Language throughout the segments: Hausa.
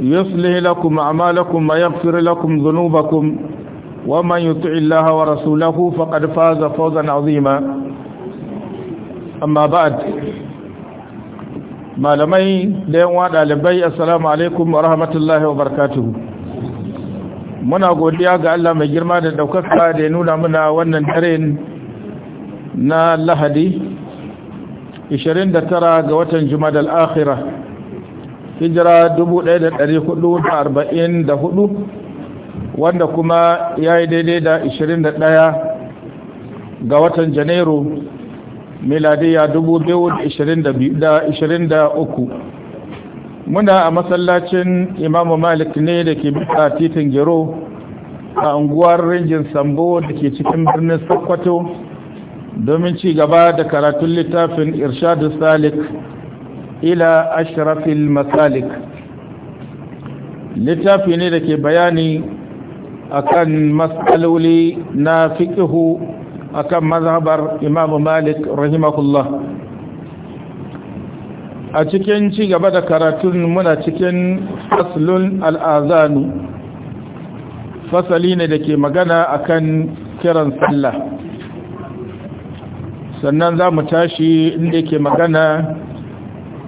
يصلح لكم أعمالكم ويغفر لكم ذنوبكم ومن يطع الله ورسوله فقد فاز فوزا عظيما أما بعد malamai da yan wada dalibai assalamu alaikum wa rahmatullahi wa muna godiya ga Allah mai girma da ɗaukaka da ya nuna muna wannan daren na lahadi 29 ga watan Juma da akhirah hijira 1444 wanda kuma ya yi daidai da 21 ga watan janairu miladiya 2023 muna a masallacin imamu malik ne da ke bisa titin gero a unguwar rinjin sambo da ke cikin birnin sokoto domin ci gaba da karatun littafin irshadu salik ila ashrafil masalik littafi ne da ke bayani akan matsaloli na fikihu akan mazhabar imamu malik rahimahullah a cikin ci gaba da karatun muna cikin faslun al'azanu fasali ne da ke magana akan kiran sallah sannan za mu tashi inda ke magana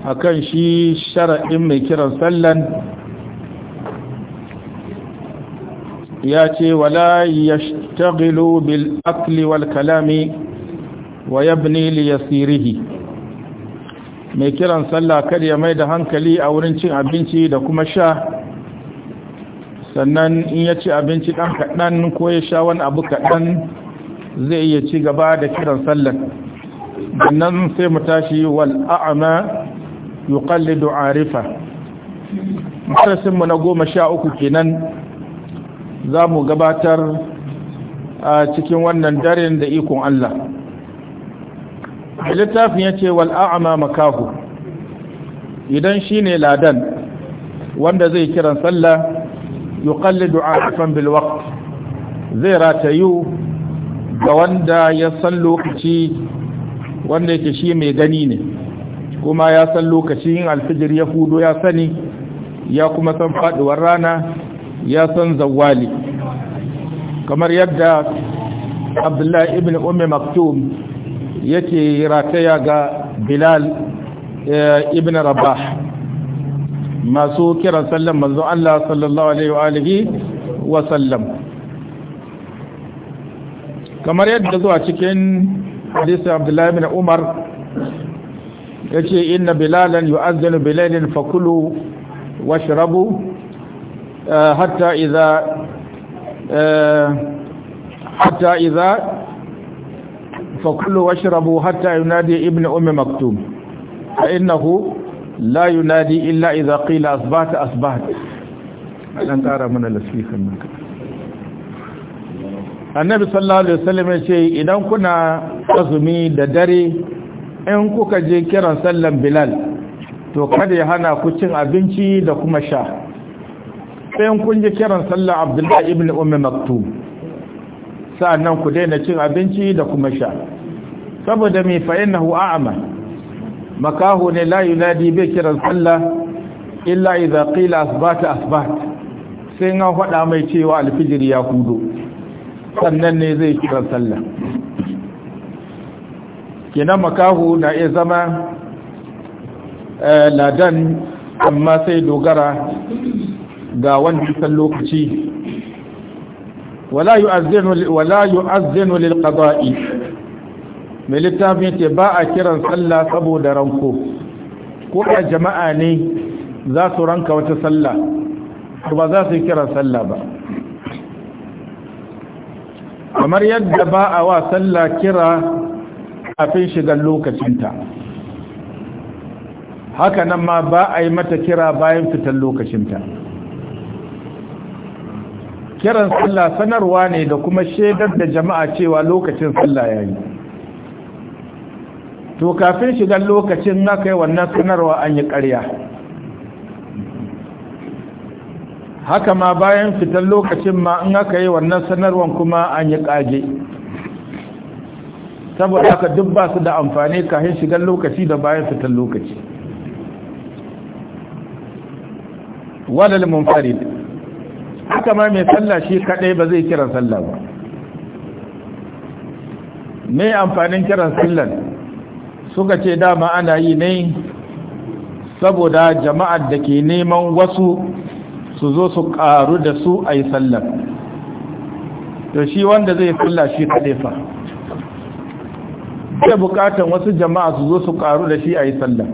akan shi shara'in mai kiran sallan ya ce wala yashtaghilu bil akli wal kalami wa yabni li yasirihi mai kiran sallah kar ya mai da hankali a wurin cin abinci da kuma sha sannan in ya ci abinci dan kaɗan ko ya sha wani abu kaɗan zai iya ci gaba da kiran sallan sannan sai mu tashi wal a'ama yuqallidu arifa marasin mu na goma sha uku kenan za mu gabatar a cikin wannan daren da ikon Allah littafin ya ce wal'a'ama makahu idan shi ne ladan wanda zai kiran sallah yuqallidu arifan bil waqt zai ratayu ga wanda ya san lokaci wanda yake shi mai gani ne kuma ya san lokacin alfijir ya hudo ya sani ya kuma san faduwar rana ya san zawali kamar yadda abdullahi ibn umar maktum yake rataya ga bilal eh, ibn rabah masu kiran sallan manzo Allah sallallahu alaihi wa wa sallam kamar yadda zuwa cikin hadisi abdullahi ibn umar yace inna bilalan yu'azzinu bilailin fakulu washrabu rabu eh, hatta idza eh, fakulu yunadi ummi maktum fa innahu la yunadi illa iza kila asbata asbahta dan kara mana lasikan nan annabi sallallahu alaihi wasallam ya ce idan kuna azumi da dare in kuka je kiran sallan bilal to kada ya hana ku cin abinci da kuma sha sai kun je kiran sallan abdullahi ibn ummi maktum sannan ku daina cin abinci da kuma sha saboda mai fa'innahu a'ama makaho ne la yunadi bai kiran sallah illa idza qila asbata asbat sai an faɗa mai cewa alfijir ya kudo sannan ne zai kiran sallah kenan makahu na iya zama eh, ladan amma sai dogara ga wancan lokaci wala yu'azzinu wala yu'azzinu lil qada'i mai littafin ce ba a kiran sallah saboda ranko ko a jama'a ne za su ranka wata sallah ba za su kiran sallah ba kamar yadda ba a wa sallah kira kafin shigar lokacinta haka nan ma ba a yi mata kira bayan fitar lokacinta kiran sallah sanarwa ne da kuma shaidar da jama'a cewa lokacin sallah ya yi to kafin shigar lokacin na kai wannan sanarwa an yi ƙarya haka ma bayan fitar lokacin ma in aka yi wannan sanarwar kuma an yi ƙage saboda haka duk ba su da amfani kayan shigar lokaci da bayan fitar lokaci wadal munfarid haka ma mai sallah shi kadai ba zai kira sallah ba me amfanin kiran sallah suka ce dama ana yi ne saboda jama'ar da ke neman wasu su zo su karu da su a yi sallah to shi wanda zai sallah shi kadai fa da bukatan wasu jama'a su zo su karu da shi a yi sallah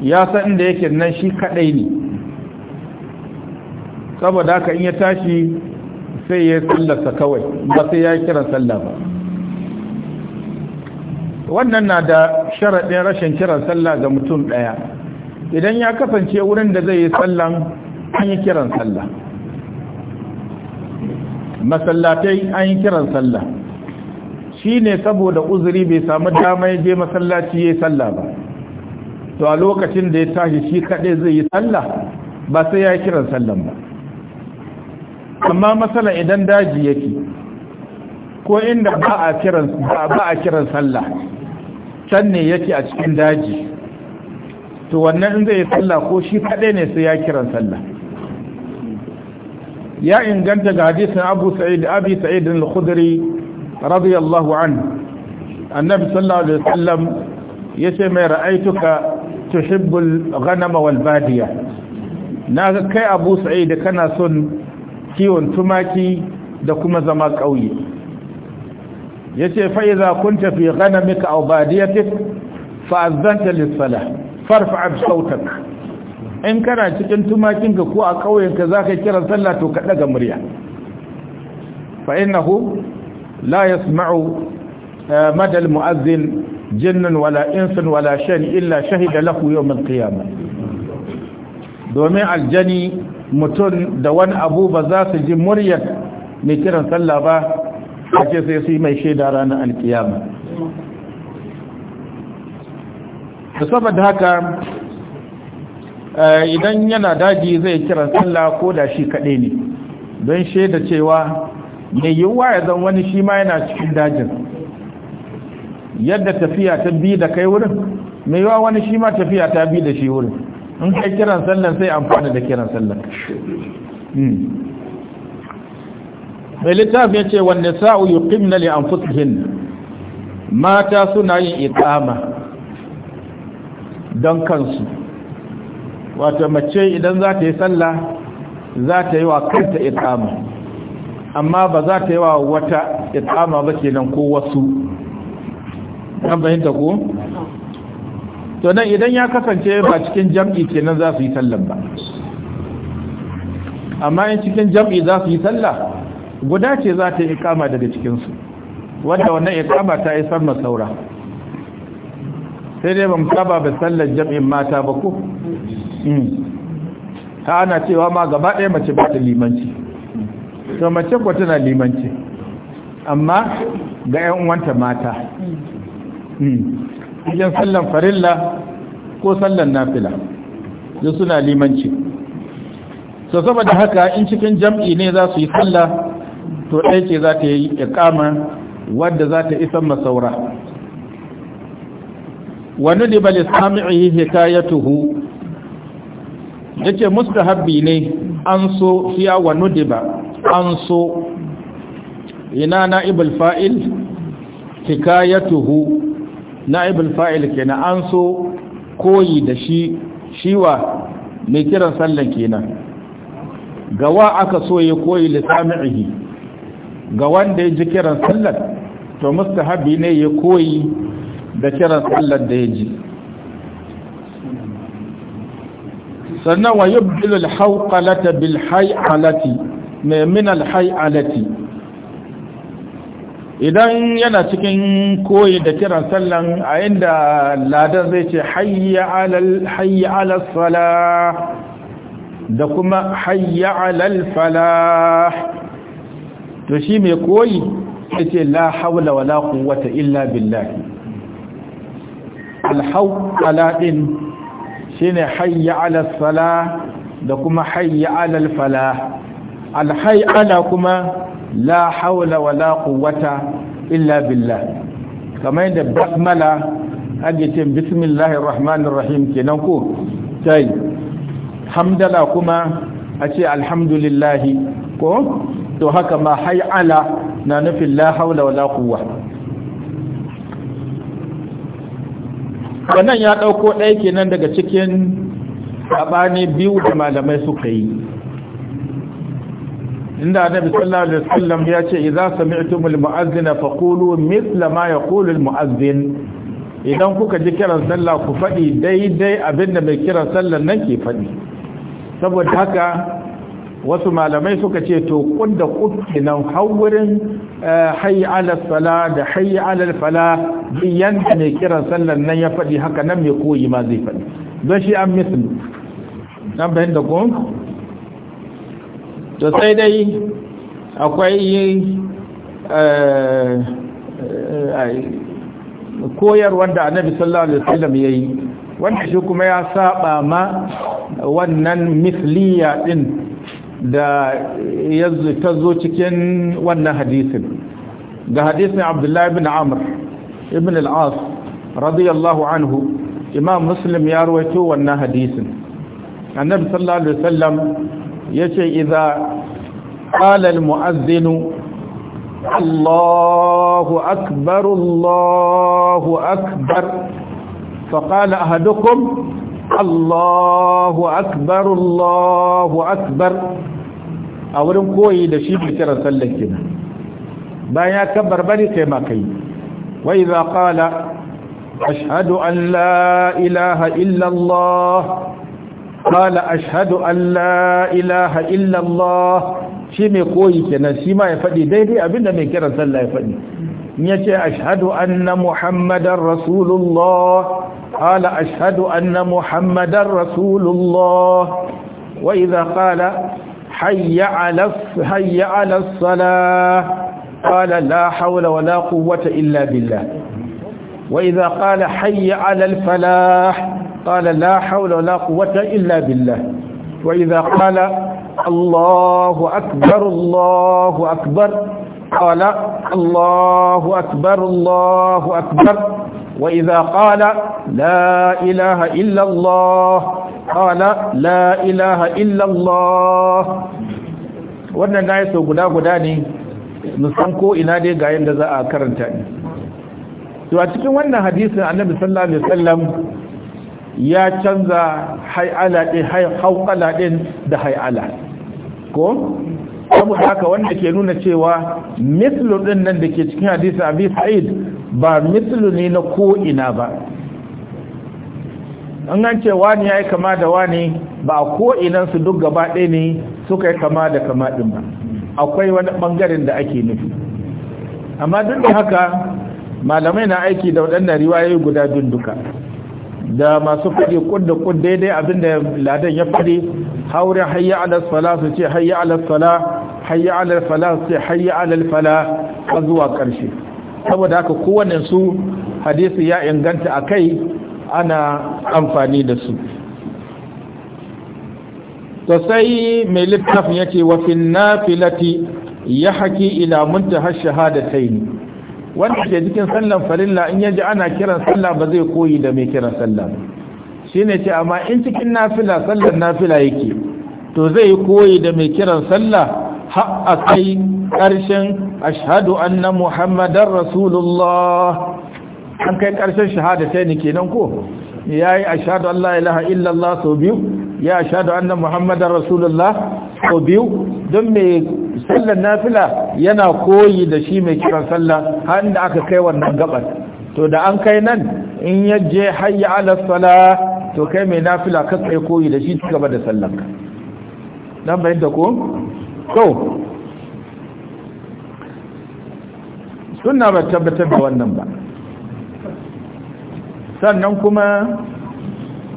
ya san inda yake nan shi kadai ne saboda haka in ya tashi sai ya sallarsa kawai ba sai ya kira sallah ba wannan na da sharaɗin rashin kiran sallah ga mutum ɗaya idan ya kasance wurin da zai yi sallan an yi kiran sallah masallatai an yi kiran sallah Shi ne saboda uzuri bai samu damar ya je masallaci ya yi sallah ba to a lokacin da ya tashi shi kaɗai zai yi sallah ba sai ya yi kiran sallan ba amma matsala idan daji yake ko inda ba a kiran sallah can ne yake a cikin daji to wannan in zai yi sallah ko shi kaɗai ne sai ya yi kiran sallah ya inganta ga hadisin Abu Sa'id Abi Sa'id al-Khudri radiyallahu anhu annabi sallallahu alaihi wasallam yace mai ra'aituka tuhibbul ghanama wal badiya naga kai Abu Sa'id kana son kiwon tumaki da kuma zama kauye yace fa idza kunta fi ghanamika aw badiyatik fa'azzanta lis-salah farfa' sautak in kana cikin tumakinka ko a kauyenka zaka kiran sallah to ka daga murya fa innahu la yasma'u madal mu'azzin jinnun wala insun wala shan illa shahida lahu yawmal qiyamah domin aljani mutum da wani abu ba za su ji muryar mai kiran sallah ba ake sai su yi mai shaida ranar alkiyama da saboda haka idan yana daji zai yi kiran sallah ko da shi kaɗai ne don shaida cewa mai yiwuwa ya zan wani shi ma yana cikin dajin yadda tafiya ta bi da kai wurin mai yiwuwa wani shi ma tafiya ta bi da shi wurin in kai kiran sallan sai amfani da kiran sallan hmm. mai littafi ya ce wanne sa'u yi kimnali an fuskin mata suna yin ikama don kansu wato mace idan za ta yi sallah za ta yi wa kanta ikama amma ba za ta yi wa wata itama ba kenan ko wasu an fahimta ko to nan idan ya kasance ba cikin jam'i kenan za su yi tallan ba amma in cikin jam'i za su yi sallah guda ce za ta yi ikama daga cikinsu wadda wannan ikama ta yi sama saura sai dai ba musaba ba sallar jam'in mata ba ko hmm. ta ana cewa ma gaba ɗaya mace ba ta limanci to mace ko tana limanci amma ga 'yan uwanta mata hmm. Idan sallan farilla ko sallan nafila su suna limanci so saboda haka in cikin jam'i ne za su yi sallah to ɗaya ce za ta yi ikama wadda za ta isan masaura wani da bali sami'i hikayatuhu yake mustahabbi ne an so fiya wa nudiba an so ina na'ibul fa'il hikayatuhu na'ibul fa'il kenan an so koyi da shi shiwa mai kiran sallan kenan gawa aka so ya koyi lisami'ihi ga wanda ya ji kiran sallan to mustahabi ne ya koyi da kiran sallan da ya ji sannan wa yubdilul hawqalata bil hay'alati mai min alhai'alati idan yana cikin koyi da kiran sallan a inda ladar zai ce hayya alal falah da kuma hayya alal falah to shi mai koyi ya ce la haula wa la quwwata illa billahi alhau alaɗin shi ne hayya alal falah da kuma hayya alal falah alhai ala kuma la haula wa la quwwata illa billah kamar yadda basmala ake ce bismillahir rahmanir rahim kenan ko tai hamdala kuma a ce alhamdulillah ko to haka ma hai ala na nufin la haula wa la quwwa wannan ya dauko ɗaya kenan daga cikin abani biyu da malamai suka yi inda annabi sallallahu alaihi wasallam ya ce idza sami'tumul mu'azzina faqulu mithla ma yaqulu al mu'azzin idan kuka ji kiran sallah ku faɗi daidai abinda mai kiran sallan nan ke faɗi saboda haka wasu malamai suka ce to kun da nan hawurin eh, hayi ala sala da hayi ala fala biyan da mai kiran sallan nan ya faɗi haka nan mai koyi ma zai faɗi don shi an mislu nan bayan da kun to sai dai akwai eh, eh, koyar wanda annabi sallallahu alaihi wasallam yayi wanda shi kuma ya saba ma wannan misliya din da yanzu ta zo cikin wannan hadisin da hadisin abdullahi ibn amr ibn al-as radiyallahu anhu imam muslim ya rawaito wannan hadisin annabi sallallahu alaihi wasallam yace idza qala almu'adhdhin Allahu akbar Allahu akbar faqala ahadukum Allahu akbar Allahu akbar a wurin koyi da shi kiran sallar kina bayan ya kabbar bari kai ma kai wa idza qala ashhadu an la ilaha illa Allah qala ashhadu an ilaha illa Allah shi mai koyi kenan shi ma ya faɗi daidai abinda mai kiran sallah ya faɗi ya ce ashhadu anna muhammadar rasulullah qala ashhadu anna muhammadar rasulullah wa idha qala hayya 'ala hayya 'ala qala la hawla wa la quwwata illa billah wa idha qala hayya 'ala al-falah قال لا حول ولا قوة إلا بالله وإذا قال الله أكبر الله أكبر قال الله أكبر الله أكبر وإذا قال لا إله إلا الله قال لا إله إلا الله wannan so guda-guda ne musan ko ina dai ga da za a karanta ne to a cikin wannan hadisin annabi sallallahu alaihi wasallam ya canza hai'ala ɗin hauƙala ɗin da hai'ala ko? saboda haka wanda ke nuna cewa mislu ɗin nan da ke cikin hadisi abi sa'id ba mislu ne na ko'ina ba an an ce wani ya yi kama da wani ba a ko'inansu duk gaba ɗaya ne suka yi kama da kama ɗin ba akwai wani bangaren da ake nufi amma duk da haka malamai na aiki da waɗannan riwayoyi guda dunduka da masu fadi kudda kud daidai abinda ladan ya faɗi haure hayya ala sala su ce hayya ala sala hayya ala fala su ce hayya ala fala har zuwa ƙarshe saboda haka kowanne su hadisi ya inganta a kai ana amfani da su to sai mai littafin ya ce wa nafilati ya haki ila muntaha shahadataini wanda ke cikin sallan farilla in yaji ana kiran sallah ba zai koyi da mai kiran sallah shine ce amma in cikin nafila sallan nafila yake to zai koyi da mai kiran sallah har a kai ƙarshen ashhadu anna muhammadar rasulullah an kai karshen shahada sai ni kenan ko yayi ashhadu an la ilaha illallah sau biyu ya ashhadu anna muhammadar rasulullah ko biyu don mai sallar nafila yana koyi da shi mai kiran sallah har da aka kai wannan gabar to da an kai nan in yaje hayya ala sala to kai mai nafila ka kai koyi da shi gaba da sallar ka dan bayin da ko to sunna ba tabbatar da wannan ba sannan kuma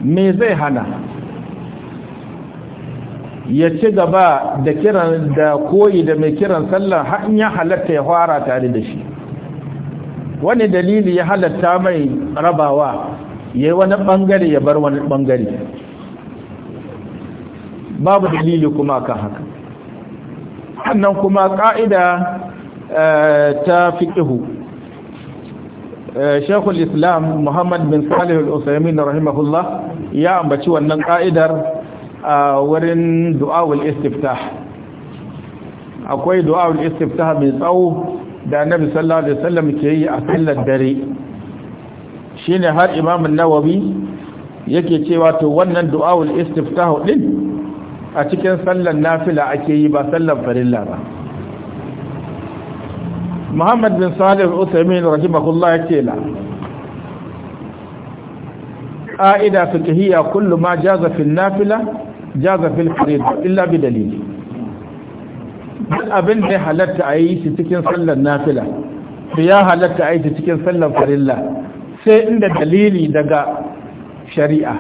me zai hana ya ci gaba da kiran da koyi da mai kiran sallar har ya halatta ya fara tare da shi wani dalili ya halatta mai rabawa yayi wani bangare ya bar wani bangare babu dalili kuma kan haka sannan kuma ka'ida eh, ta ihu. Eh, Sheikhul Islam Muhammad bin Salih al rahimahullah ya ambaci wannan ka'idar a wurin du'awul istiftah akwai du'awul istiftah mai tsawo da annabi sallallahu alaihi wasallam ke yi a sallar dare shine har imam an-nawawi yake cewa to wannan du'awul istiftah din a cikin sallar nafila ake yi ba sallar farilla ba muhammad bin salih usaimin rahimahullah yake la ƙa'ida fiqhiyya kullu ma jaza fil nafila jaza fil farid illa bi dalili duk abin da halatta a yi shi cikin sallar nafila to ya halatta a yi shi cikin sallar farilla sai inda dalili daga shari'a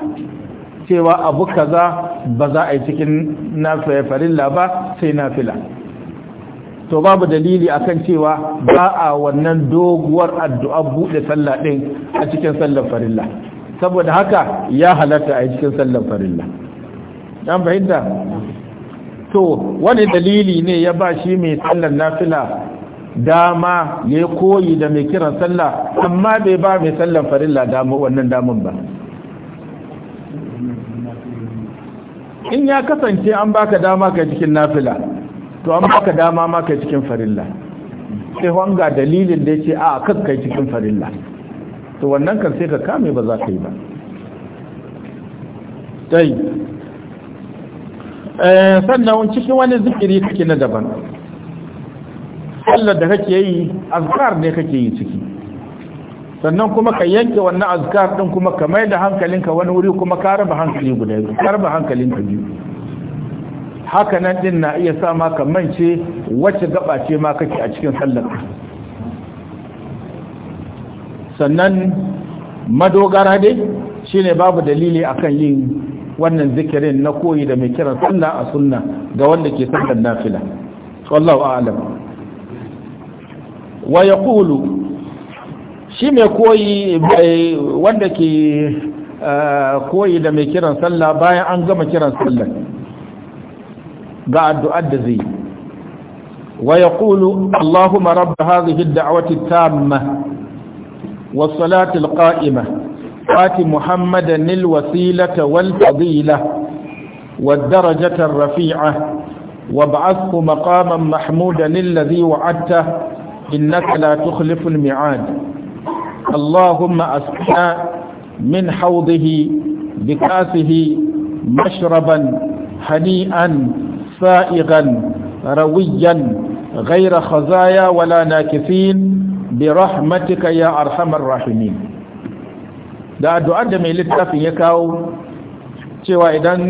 cewa abu kaza ba za a yi cikin nafila farilla ba sai nafila to babu dalili akan cewa ba a wannan doguwar addu'a buɗe sallah ɗin a cikin sallar farilla saboda haka ya halatta a yi cikin sallar farilla an fahimta to wani dalili ne ya ba shi mai sallar nafila dama ya koyi da mai kiran sallah amma bai ba mai sallar farilla dama wannan damun ba in ya kasance an baka dama ka cikin nafila to an baka dama ma ka cikin farilla sai wanga dalilin da yake a kan kai cikin farilla to wannan kan sai ka kame ba za ka yi ba dai Eh, sannan cikin wani zikiri kake na daban sallar da kake yi azkar ne kake yi ciki sannan kuma ka yanke wannan azkar din kuma ka mai da hankalinka wani wuri kuma ka raba hankali guda biyu ka raba hankalinka biyu haka nan din na iya sa ma ka mance wacce gaba ce ma kake a cikin sallar sannan madogara dai shine babu dalili akan yin wannan zikirin na koyi da mai kiran sallah a sunna ga wanda ke sallar nafila wallahu a'lam wa yaqulu shi mai koyi wanda ke eh, koyi da mai kiran sallah bayan an gama kiran sallah ga addu'ar da zai wa yaqulu allahumma rabb hadhihi ad-da'wati at-tamma was-salati al-qa'imah آت محمدا الوسيلة والفضيلة والدرجة الرفيعة وابعثه مقاما محمودا الذي وعدته إنك لا تخلف الميعاد اللهم أسقنا من حوضه بكاسه مشربا هنيئا سائغا رويا غير خزايا ولا ناكثين برحمتك يا أرحم الراحمين da addu'ar da mai littafin ya kawo cewa idan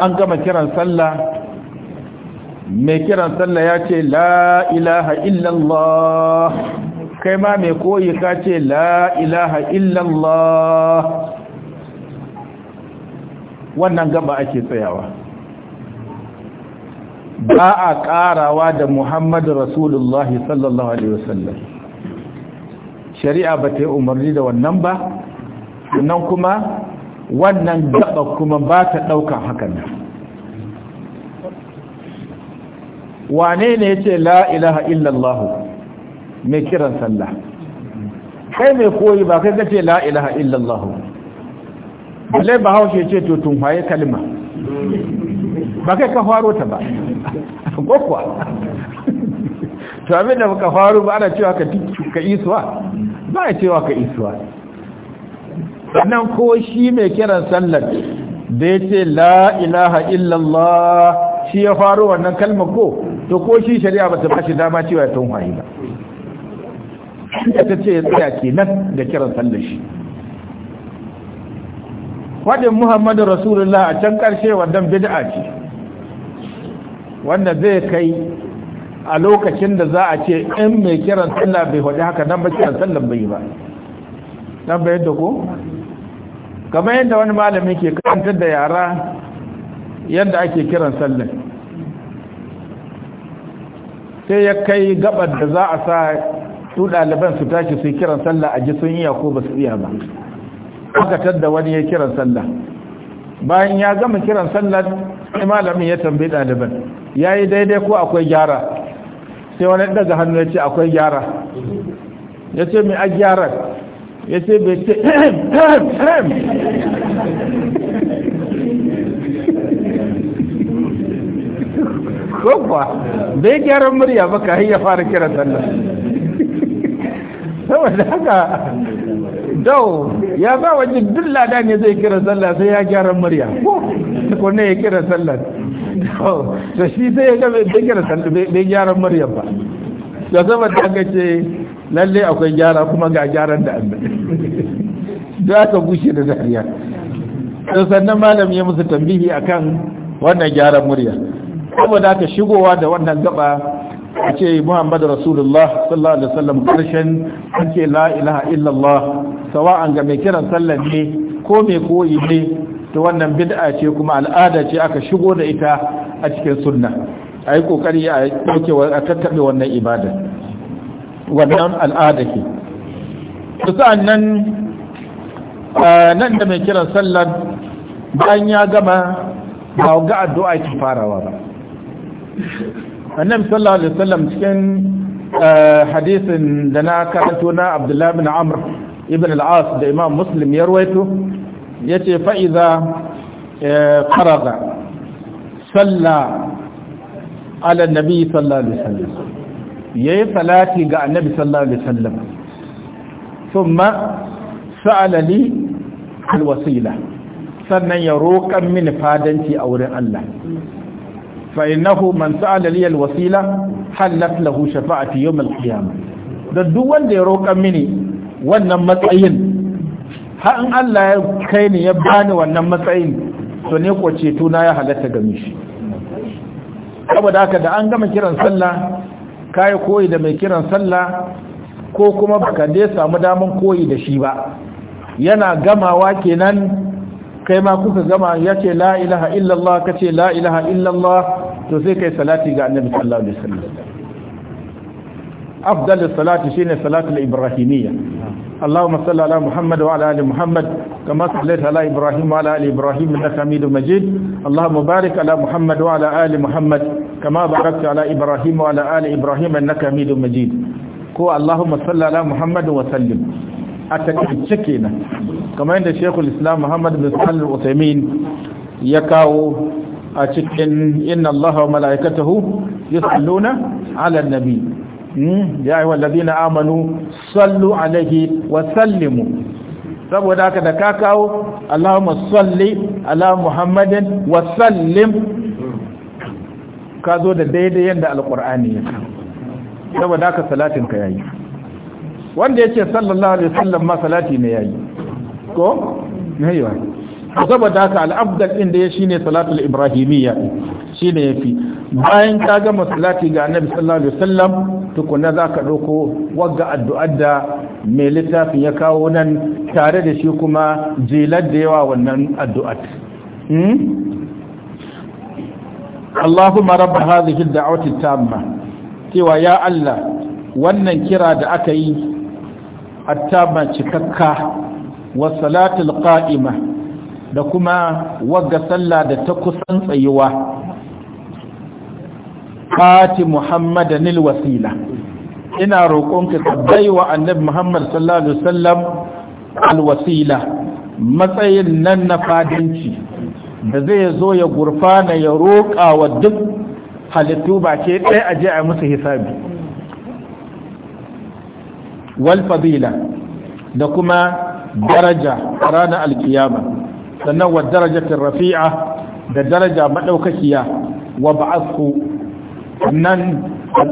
an gama kiran sallah mai kiran sallah ya ce la ilaha illallah kai ma mai koyi ka ce la ilaha illallah wannan gaba ake tsayawa ba a ƙarawa da muhammadu rasulullahi sallallahu alaihi wasallam shari'a ba ta yi umarni da wannan ba sannan kuma wannan gaba kuma ba ta ɗaukan hakan wane ne ya ce la ilaha illallahu mai kiran sallah kai mai koyi ba kai kace la ilaha illallahu balle ba haushe ce to tun haye kalima. ba kai ka faro ta ba ko kuwa to abinda ka faro ba ana cewa ka ka isuwa ba a cewa ka isuwa sannan ko shi mai kiran sallar da ya ce la illallah shi ya faru wannan kalmar ko to ko shi shari'a ba ta ba dama cewa ya tunwaye ba da ta ce ya tsaya kenan da kiran sallar shi faɗin muhammadu rasulullah a can ƙarshe wannan bid'a ce wanda zai kai a lokacin da za a ce in mai kiran sallar bai haka nan ba kiran sallar bai ba nan bai yadda ko kamar yadda wani malami ke karantar da yara yadda ake kiran sallin sai ya kai gabar da za a sa su ɗaliban su tashi su kiran sallah a ji sun iya ko ba su iya ba aka da wani ya kiran sallah bayan ya gama kiran sallah sai malamin ya tambayi ɗaliban ya yi daidai ko akwai gyara sai wani daga hannu ya ce akwai gyara ya ce mai a gyarar ya ce bai ce kofa bai gyara murya ba ka ya fara kira sallah saboda haka dau ya ba wajen duk lada ne zai kira sallah sai ya gyaran murya ko ne ya kira sallah to shi sai ya ga bai gyara murya ba da saboda haka ce Lallai akwai gyara kuma ga gyaran da Allah da aka bushe da dariya to sannan malam ya musu tambihi akan wannan gyaran murya saboda aka shigowa da wannan gaba a ce Muhammadu Rasulullah sallallahu alaihi wasallam karshen an ce la ilaha illallah sawa'an ga mai kiran sallar ne ko mai koyi ne to wannan bid'a ce kuma al'ada ce aka shigo da ita a cikin sunna a yi kokari a ɗauke a tattaɓe wannan ibada wannan al'ada ke sa'an nan nan da mai kiran sallar bayan ya gama ba ga addu'a ke farawa ba annabi sallallahu alaihi wasallam cikin hadisin da na karanto na abdullahi bin amr ibn al-as da imam muslim ya rawaito yace fa iza faraga salla ala nabi sallallahu alaihi wasallam yayi salati ga annabi sallallahu alaihi wasallam thumma sa'ala li alwasila sannan ya roƙan mini fadanci a wurin Allah fa innahu man sa'ala li alwasila halat lahu shafa'ati yawm alqiyamah da duk wanda ya roƙan mini wannan matsayin har in Allah ya kai ni ya bani wannan matsayin to ne ko ceto na ya halatta game shi saboda haka da an gama kiran sallah kayi koyi da mai kiran sallah ko kuma baka dai samu daman koyi da shi ba yana gamawa kenan kai ma kuka gama yace la ilaha illallah kace la ilaha illallah to sai kai salati ga annabi sallallahu alaihi wasallam afdal salati shine al ibrahimiyya اللهم صل على محمد وعلى ال محمد كما صليت على ابراهيم وعلى ال ابراهيم انك حميد مجيد اللهم بارك على محمد وعلى ال محمد كما باركت على إبراهيم وعلى آل إبراهيم أنك حميد مجيد كو اللهم صل على محمد وسلم أتكتشكينا كما عند شيخ الإسلام محمد بن صالح العثيمين يكاو أتكن إن الله وملائكته يصلون على النبي يا أيها الذين آمنوا صلوا عليه وسلموا saboda haka da ka kawo Allahumma salli ala Muhammadin wa sallim ka zo da daidai yadda alƙur'ani ya saboda haka salatin ka yayi wanda yake sallallahu alaihi wasallam ma salati ne yayi ko ba saboda haka afdal inda ya shine salatul ibrahimiyya shine yafi bayan ka gama salati ga annabi sallallahu alaihi wasallam tukunna zaka dauko wagga addu'ar da mai littafin ya kawo nan tare da shi kuma jilar da yawa wannan addu'ar hmm? Allahumma rabba hadhihi ad-da'wati tamma cewa ya Allah wannan kira da aka yi at-tamma cikakka wa al qa'ima da kuma wagga sallah da ta kusan tsayuwa qati muhammadan al-wasila ina roƙonka ka baiwa annabi muhammad sallallahu alaihi wasallam al-wasila matsayin nan na fadinci da zai zo ya gurfana ya roƙa wa duk halittu ba ke ɗaya aje a musu hisabi wal fadila da kuma daraja ranar alkiyama sannan wa daraja rafi'a da daraja maɗaukakiya wa ba'asku nan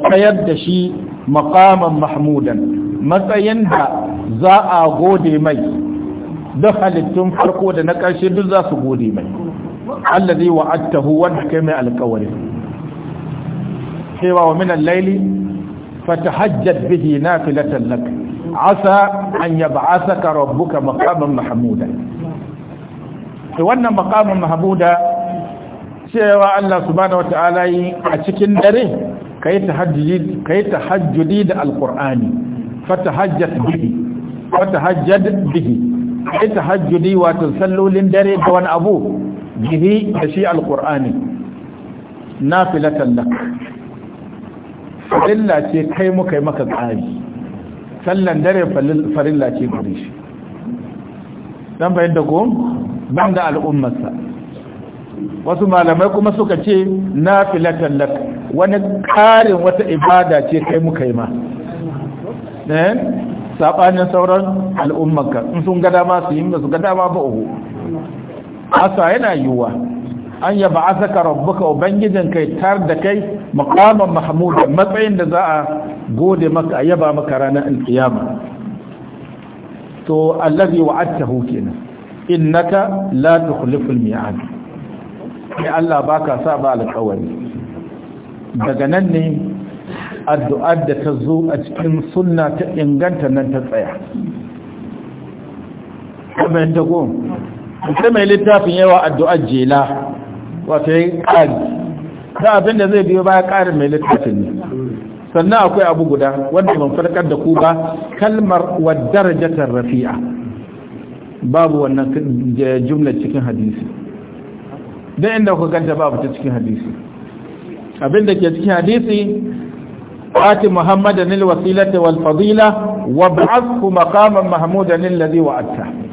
tsayar da shi makaman mahmudan matsayin da za a gode mai duk halittun farko da na ƙarshe duk za su gode mai allazi wa'adtahu wanda kai mai alƙawari cewa wa min al-laili fatahajjat bihi nafilatan lak asa an yab'athaka rabbuka maqaman mahmuda to wannan maqaman mahmuda cewa Allah subhanahu wata'ala yi a cikin dare kai tahajjudi kai tahajjudi da alqur'ani fatahajjat bihi fatahajjat bihi kai tahajjudi wato sallolin dare da wani abu bihi da shi Alƙur'ani alqur'ani nafilatan lak farilla ce kai muka yi maka tsari sallan dare farilla ce gare shi don bayan da gom ban da al'ummarsa wasu malamai kuma suka ce na nafilatan lak wani ƙarin wata ibada ce kai muka yi ma eh sauran al'ummarka in sun gada ma su yi ba su ga dama ba asa yana yiwuwa an ya ba saka rabbuka ubangijin kai tar da kai makaman mahmuda matsayin da za a gode maka a yaba maka ranar alkiyama to allazi wa'adtahu kenan innaka la tukhliful mi'ad ya Allah baka sa ba alƙawari daga nan ne addu'ar da ta zo a cikin sunna ta inganta nan ta tsaya. Abin goma, sai mai littafin yawa addu'a jela wato ya ƙari ta abin da zai biyo baya ƙarin mai littafin ne sannan akwai abu guda wanda ban farkar da ku ba kalmar wa darajatar rafi'a babu wannan jumla cikin hadisi don inda ku ganta babu ta cikin hadisi abin da ke cikin hadisi ati muhammadan lil wasilati wa fadila wa ba'athu maqaman mahmudan alladhi wa'atta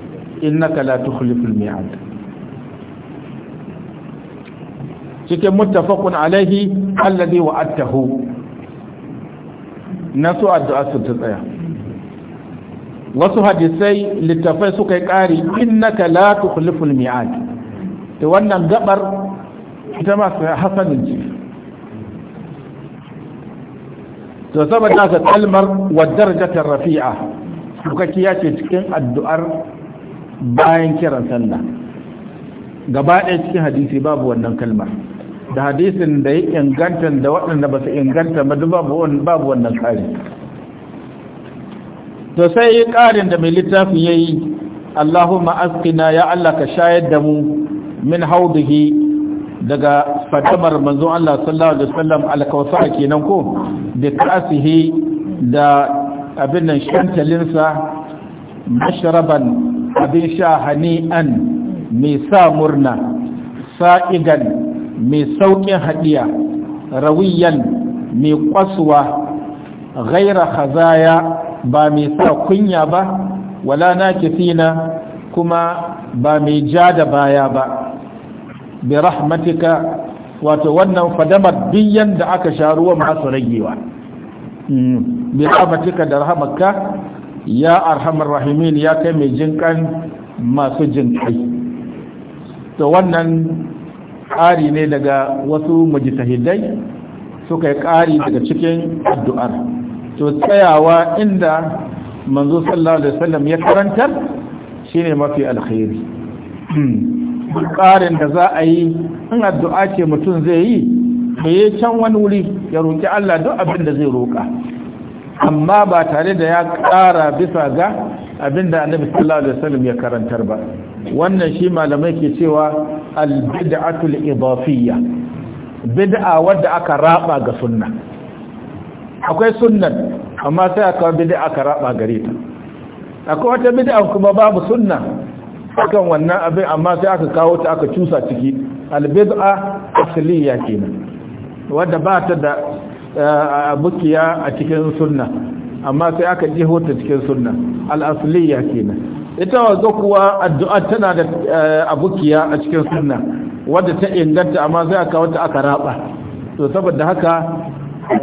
إنك لا تخلف الميعاد شكي متفق عليه الذي وعدته نسو أدعى ستطيع وسو هدسي لتفسك كاري إنك لا تخلف الميعاد وانا الغبر كما حسن الجيف تصبح ناسة المر والدرجة الرفيعة وكياتي تكين الدعار bayan kiran sallah gaba ɗaya cikin hadisi babu wannan kalmar da hadisin da ya inganta da waɗanda ba su inganta ba babu wannan kari to sai yi ƙarin da mai littafin ya yi allahumma askina ya allah ka shayar da mu min haudihi daga fatamar manzon allah sallallahu alaihi wasallam alkawsa kenan ko da kasihi da abin nan shantalinsa mashraban abin sha hani'an mai sa murna sa'igan mai sauƙin haɗiya rawiyan mai kwasuwa gaira hazaya ba mai sa kunya ba wala na kifina kuma ba mai ja da baya ba bi rahmatika wato wannan fadamar biyan da aka sha ruwa masu ragewa mm, bi rahmatika da rahamarka ya arhamar rahimin ya kai mai jinkan masu kai to wannan ƙari ne daga wasu majitahidai suka yi ƙari daga cikin addu'ar to tsayawa inda manzo sallallahu alaihi wasallam ya karantar shine mafi alkhairi hmm. ƙarin da za a yi in addu'a ce mutum zai yi me can wani wuri ya roƙi Allah duk abin da zai roƙa? amma ba tare da ya ƙara bisa ga abinda annabi sallallahu alaihi wasallam ya karantar ba wannan shi malamai ke cewa al-bid'atul idafiyya bid'a wadda aka raba ga sunna akwai sunna amma sai aka bid'a aka raba gare ta akwai wata bid'a kuma babu sunna akan wannan abin amma sai aka kawo ta aka cusa ciki al-bid'a asliya kenan wadda ba ta da bukiya a cikin sunna amma sai aka jiho ta cikin sunna al'asuliya kenan ita wanzu kuwa addu'a tana da abukiya a cikin sunna wadda ta inganta amma sai aka wata aka raba to saboda haka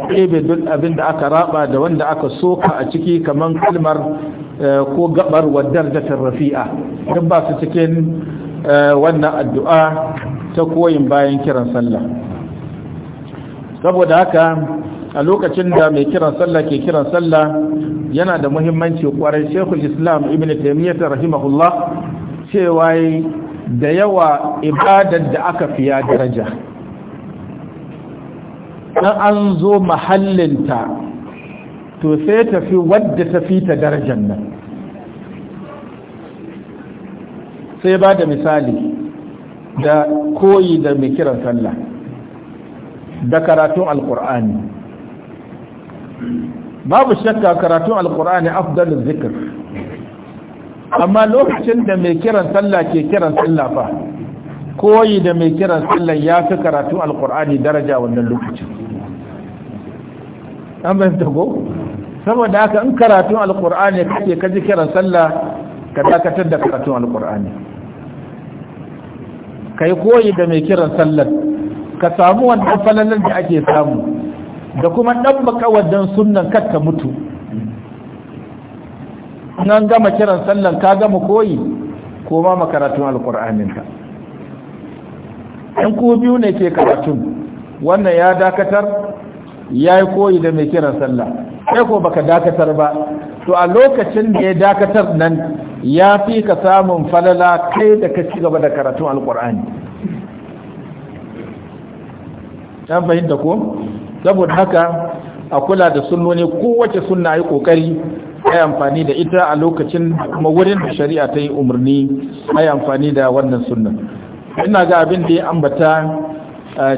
ɗebe duk abin da aka raba da wanda aka soka a ciki kamar kalmar ko gabar wadar da tarrafi'a duk ba su cikin wannan addu'a ta koyin bayan kiran sallah saboda haka a lokacin da mai kiran sallah ke kiran sallah yana da muhimmanci kwarai shekul islam ibn taimiyyar rahimahullah cewa da yawa ibadar da aka fiya daraja dan an zo mahallinta to sai tafi wadda ta fi ta darajar nan sai ba da misali da koyi da mai kiran sallah da karatun alkur'ani babu shakka karatun alkur'ani afdalin zikir amma lokacin da mai kiran sallah ke kiran sallah fa koyi da mai kiran sallah ya fi karatun alkur'ani daraja wannan lokacin an bayan tago saboda haka in karatun alkur'ani kake kaji kiran sallah ka dakatar da karatun alkur'ani kai koyi da mai kiran sallah ka samu wannan falalar da ake samu da kuma dan makawadan sunnan karka mutu nan gama kiran sallan ka gama koyi ko ma makaratun alkur'anin ka ku biyu ne ke karatun wannan ya dakatar ya yi koyi da mai kiran sallah sai ko baka dakatar ba to a lokacin da ya dakatar nan ya fi ka samun falala kai da ka ci gaba da karatun alkur'ani ta fahimta ko saboda haka a kula da sunnoni kowace sunna yi kokari ai amfani da ita a lokacin kuma wurin da shari'a ta yi umarni ai amfani da wannan sunna ina ga abin da ya ambata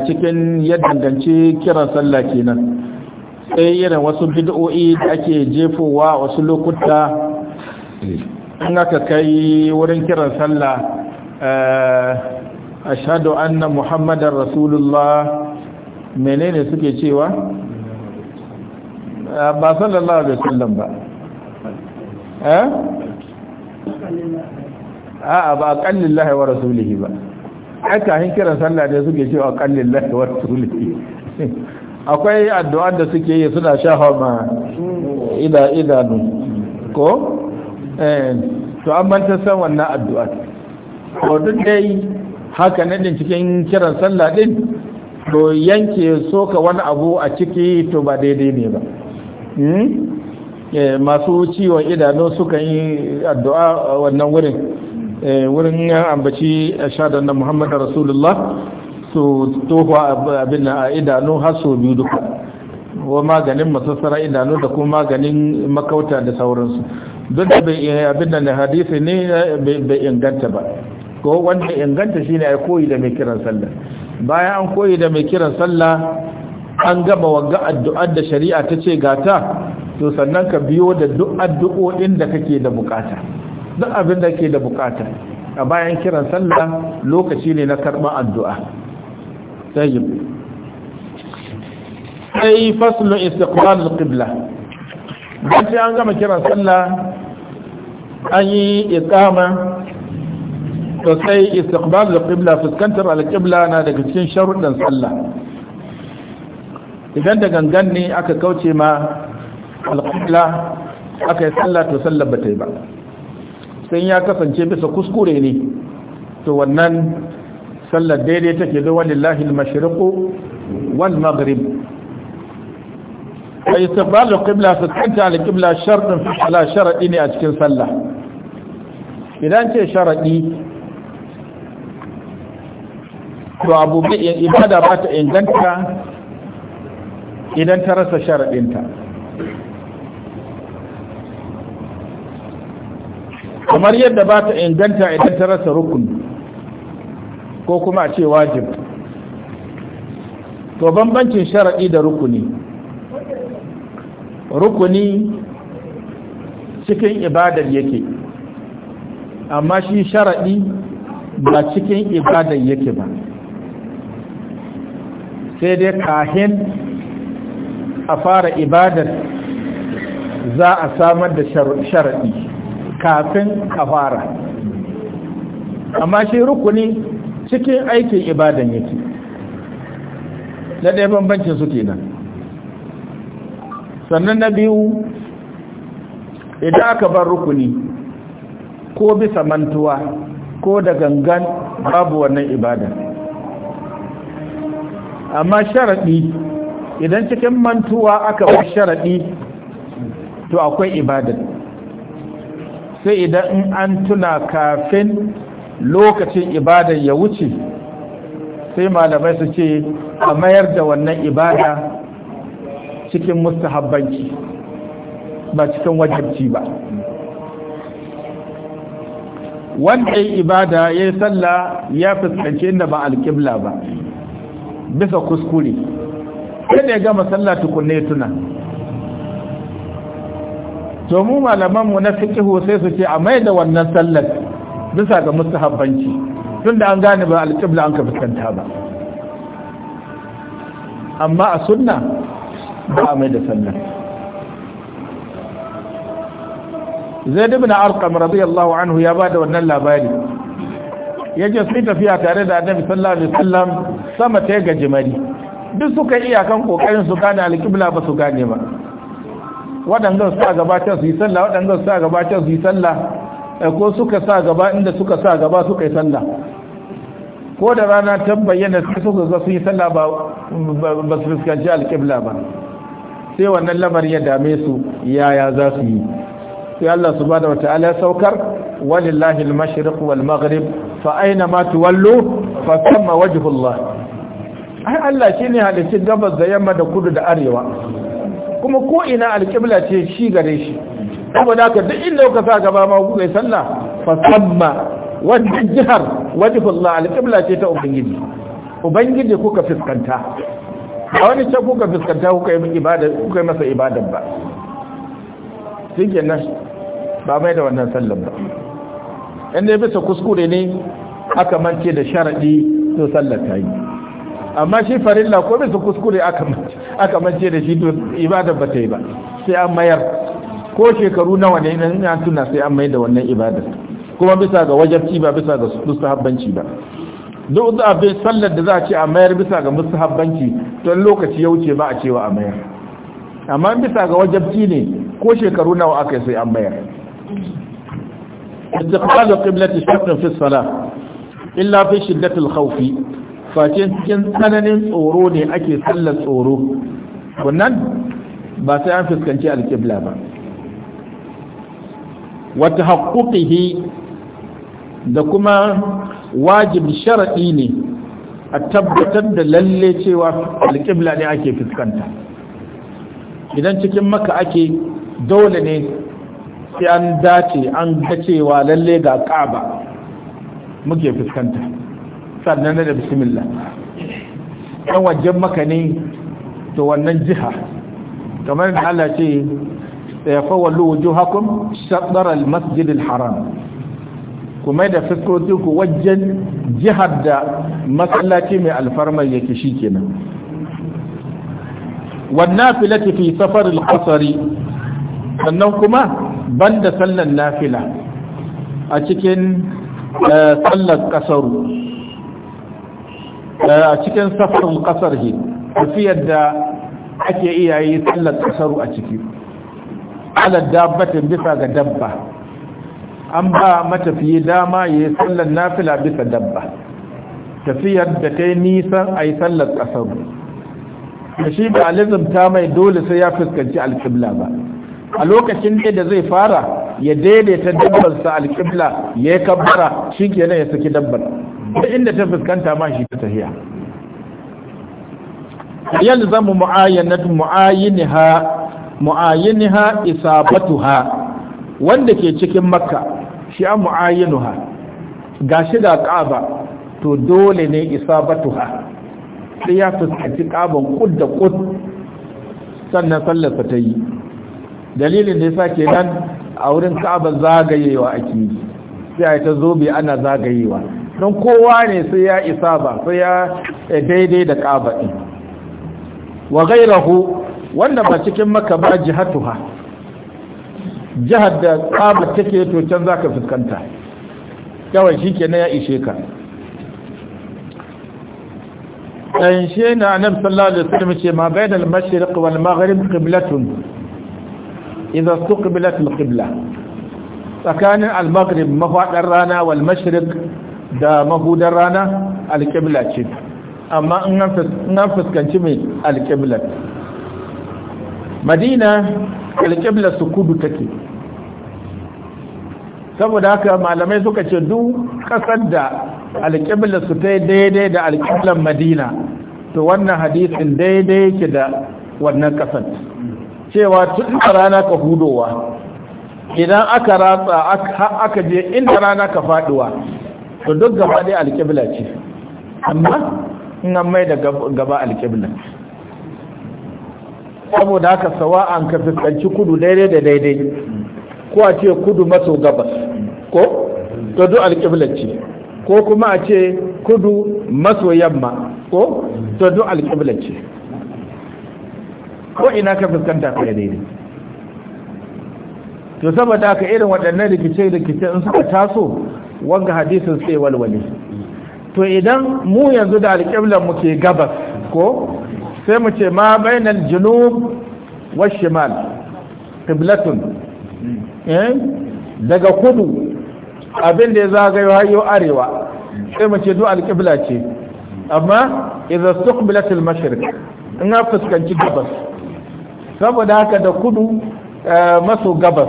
cikin yadda danganci kiran sallah kenan sai irin wasu bid'o'i da ake jefowa wasu lokuta in aka kai wurin kiran sallah ashhadu anna muhammadar rasulullah menene suke cewa ah, ba sallallahu alaihi wasallam ba eh a'a ba qallillahi wa rasulihi ba aka hin kiran sallah da suke cewa qallillahi wa rasulihi akwai addu'a da suke yi suna shafa ma ida idanu ko eh to an ta san wannan addu'a Ko duk dai haka din cikin kiran sallah din to yanke soka wani abu a ciki to ba daidai ne ba hmm? eh, masu ciwon idanu suka yi addu'a wannan wurin eh, wurin yan ambaci shaɗar na muhammadu rasulullah su tofa abin a idanu har su biyu duka wa maganin masassara idanu da kuma maganin makauta da sauransu duk da eh, abin da na hadisi ne bai inganta ba ko wanda inganta shine a koyi da mai kiran sallah bayan an koyi da mai kiran sallah an gaba wagga addu'ar da shari'a ta ce gata to sannan ka biyo da duk addu'o'in da kake da bukata duk abin da ke da bukata a bayan kiran sallah lokaci ne na karɓar addu'a sai sai faslun istiqbal al-qibla sai an gama kiran sallah an yi iqama to sai istiqbal da qibla fuskantar al-qibla na daga cikin sharuɗan sallah idan da gangan ne aka kauce ma al-qibla aka yi sallah to sallah ba ta yi ba sai ya kasance bisa kuskure ne to wannan sallar daidai take da walillahi al-mashriqu wal maghrib استقبال fuskantar فتحت على القبلة شرط sharaɗi ne a cikin sallah, idan ce sharaɗi. to abu ibada ba ta inganta idan ta rasa sharaɗinta kamar yadda ba ta inganta idan ta rasa rukun ko kuma a ce wajib to bambancin sharaɗi da rukuni rukuni cikin ibadar yake amma shi sharaɗi ba cikin ibadar yake ba sai dai kahin a fara ibadar za a samar da sharaɗi kafin a fara amma shi rukuni cikin aikin ibadan yake na ɗaya bambancin su kenan sannan na biyu idan aka bar rukuni ko bisa mantuwa ko da gangan babu wannan ibada amma sharaɗi idan cikin mantuwa aka bar sharaɗi to akwai ibada. sai idan in an tuna kafin lokacin ibadar ya wuce sai malamai su ce a mayar da wannan ibada cikin mustahabbanci ba cikin wajabci ba wanda ibada ya yi sallah ya fuskanci inda ba alƙibla ba bisa kuskure sai da ya gama sallah tukunne tuna to mu malaman mu na fiqh sai su ce a mai wannan sallar bisa ga mustahabbanci tunda an gane ba al-qibla an ka fuskanta ba amma a sunna ba a mai da sallar zaid ibn arqam radiyallahu anhu ya bada wannan labari yace sai tafiya tare da annabi sallallahu alaihi wasallam sama ta ga jimari duk suka iya kan kokarin su gane alƙibla ba su gane ba waɗannan sa gabatar su yi sallah waɗannan sa gabatar su yi sallah eh, ko suka sa gaba inda suka sa gaba suka yi sallah ko da rana ta bayyana sai suka ga su yi sallah ba ba su fuskanci alƙibla ba sai wannan lamarin ya dame su yaya za su yi sai Allah subhanahu wataala ya saukar walillahi al-mashriq wal maghrib fa aina ma tuwallu fa thamma wajhu Allah ai Allah shine halicin gabas da yamma da kudu da arewa kuma ko ina alqibla ce shi gare shi saboda haka duk inda ka sa gaba ma ku kai sallah fa thamma wajhu jihar wajhu Allah alqibla ce ta ubangiji ubangiji kuka fuskanta a wani can kuka fuskanta kuka yi masa ibadar ba shi kenan ba mai da wannan sallan ba inda ya bisa kuskure ne aka mance da sharaɗi to sallar ta yi amma shi farilla ko bisa kuskure aka mance da shi to ibada ba ta yi ba sai an mayar ko shekaru nawa ne na tuna sai an mai da wannan ibada kuma bisa ga wajabci ba bisa ga mustahabbanci ba duk da abin sallar da za a ce a mayar bisa ga mustahabbanci don lokaci ya wuce ba a cewa a mayar amma bisa ga wajabci ne ko shekaru nawa aka yi sai an bayar istiqbalu qiblati shaqq fi salat illa fi shiddati al-khawf fa cikin tsananin tsoro ne ake sallar tsoro wannan ba sai an fuskanci al-qibla ba wa tahaqquqihi da kuma wajibi sharaɗi ne a tabbatar da lalle cewa al-qibla ne ake fuskanta idan cikin maka ake dole ne sai an dace an ga cewa lalle ga ka'aba muke fuskanta sannan da bismillah ɗan wajen maka ne to wannan jiha kamar da Allah ce ya fawallu wujuhakum shaddar al-masjid al-haram kuma da fuskokin ku wajen jihar da masallaci mai alfarmar yake shikenan wannan filati fi safar al-qasari sannan kuma banda sallan nafila a cikin eh, sallar kasaru eh, a cikin safarin kasar he tafiyar da ake iya yi sallar kasaru a ciki alar dabbatin bisa ga dabba an ba matafiye dama ya yi sallar nafila bisa dabba tafiyar da ta yi nisan a yi sallar kasaru da shi ba alizumta mai dole sai ya fuskanci alkibla ba a lokacin da zai fara ya daidaita dabbarsa alƙibla ya yi kabbara shi kenan ya saki dabbar da inda ta fuskanta ma shi ta tafiya zamu mu'ayyanatu mu'ayyinha mu'ayyinha isabatuha wanda ke cikin makka shi an mu'ayyinuha gashi da Ka'aba to dole ne isabatuha sai ya fuskanci ƙaban kud da kud sannan sallarsa ta yi dalilin da ya yasa kenan a wurin Ka'aba zagayewa ake yi sai ta zobe ana zagayewa don kowa ne sai ya isa ba sai ya eh, daidai da Ka'aba ɗin wa ku, wanda ba cikin maka ba jihatuha jihar da Ka'aba take to can ka fuskanta kawai na ya ishe ka ɗanshe na annabi sallallahu alaihi wasallam ce ma bainal mashriq wal maghrib qiblatun إذا استقبلت القبلة فكان tsakanin al-maghrib والمشرق rana مفعد الرانا da أما rana al-qibla ce amma in سكوب fuskanci su kudu take saboda haka malamai suka ce duk kasar da alƙiblar su ta daidai da alƙiblar madina to wannan hadisin daidai yake da wannan kasar cewa tun da rana ka hudowa idan aka ratsa aka je inda rana ka faduwa to duk gaba dai alƙibla ce amma ina mai da gaba alƙibla saboda haka sawa'an ka fuskanci kudu daidai da daidai ko a ce kudu maso gabas ko to duk alƙibla ce ko kuma a ce kudu maso yamma ko to duk alƙibla ce ko ina ka fuskanta ka daidai to saboda haka irin waɗannan rikice-rikice in suka taso wanga hadisin sai walwale to idan mu yanzu da alƙiblar mu ke gabas ko sai mu ce ma bainal junub wa shimal qiblatun eh daga kudu abin da ya zagayo hayo arewa sai mu ce duk alƙibla ce amma idza istiqbilat al-mashriq in ka fuskanci gabas saboda haka da kudu eh, maso gabas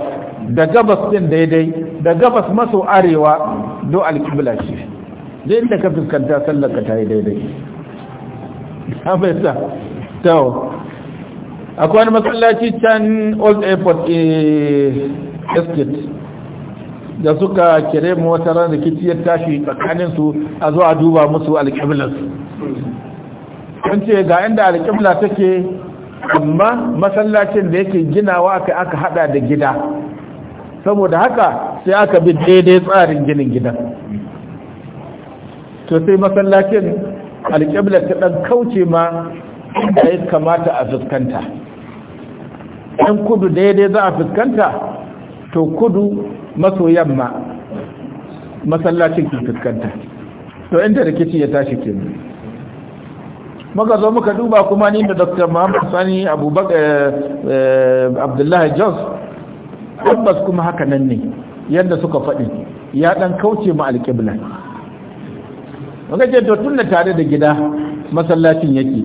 da gabas din daidai da gabas maso arewa do alƙibla shi. Zai inda ka fuskanta sallaka ta yi daidai haɓaisa tawo akwai wani matsalaci can old airport eh, estate da suka kere mu wata ran rikiciyar tashi tsakaninsu a zuwa duba musu alƙiblarsu kan ce ga inda alƙibla take amma masallacin da yake ginawa aka aka hada da gida saboda haka sai aka bi daidai tsarin ginin gidan to sai masallacin alƙiblar ta ɗan kauce ma da ya kamata a fuskanta ɗan kudu daidai za a fuskanta to kudu maso yamma masallacin ke fuskanta to inda rikici ya tashi kenan muka zo muka duba kuma ni da dr muhammad sani abubakar eh, abdullahi jos tabbas kuma haka nan ne yadda suka faɗi ya ɗan kauce ma alƙibla muka ce to tun da tare da gida masallacin yake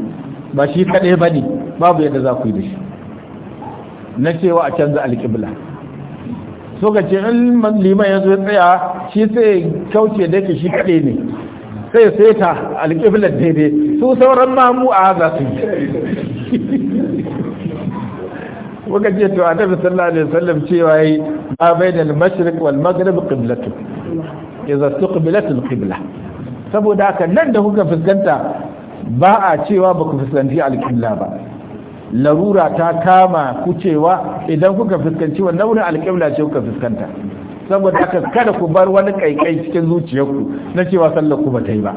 ba shi kaɗai ba ne babu yadda za ku yi da shi na cewa a canza alƙibla so ka ce in liman ya zo tsaya shi sai kauce da yake shi kaɗai ne sai seta alƙiblar daidai su sauran mamu a za su yi Kuka ce to tafi sallallahu alaihi wasallam cewa yi bai da mashriq wal maghrib qiblatu idza tuqbilat qibla saboda haka nan da kuka fuskanta ba a cewa ba ku fuskanci alƙibla ba larura ta kama ku cewa idan kuka fuskanci wannan wurin alƙibla ce kuka fuskanta saboda haka kada ku bar wani kaikai cikin zuciyarku na cewa sallar ku ba ta yi ba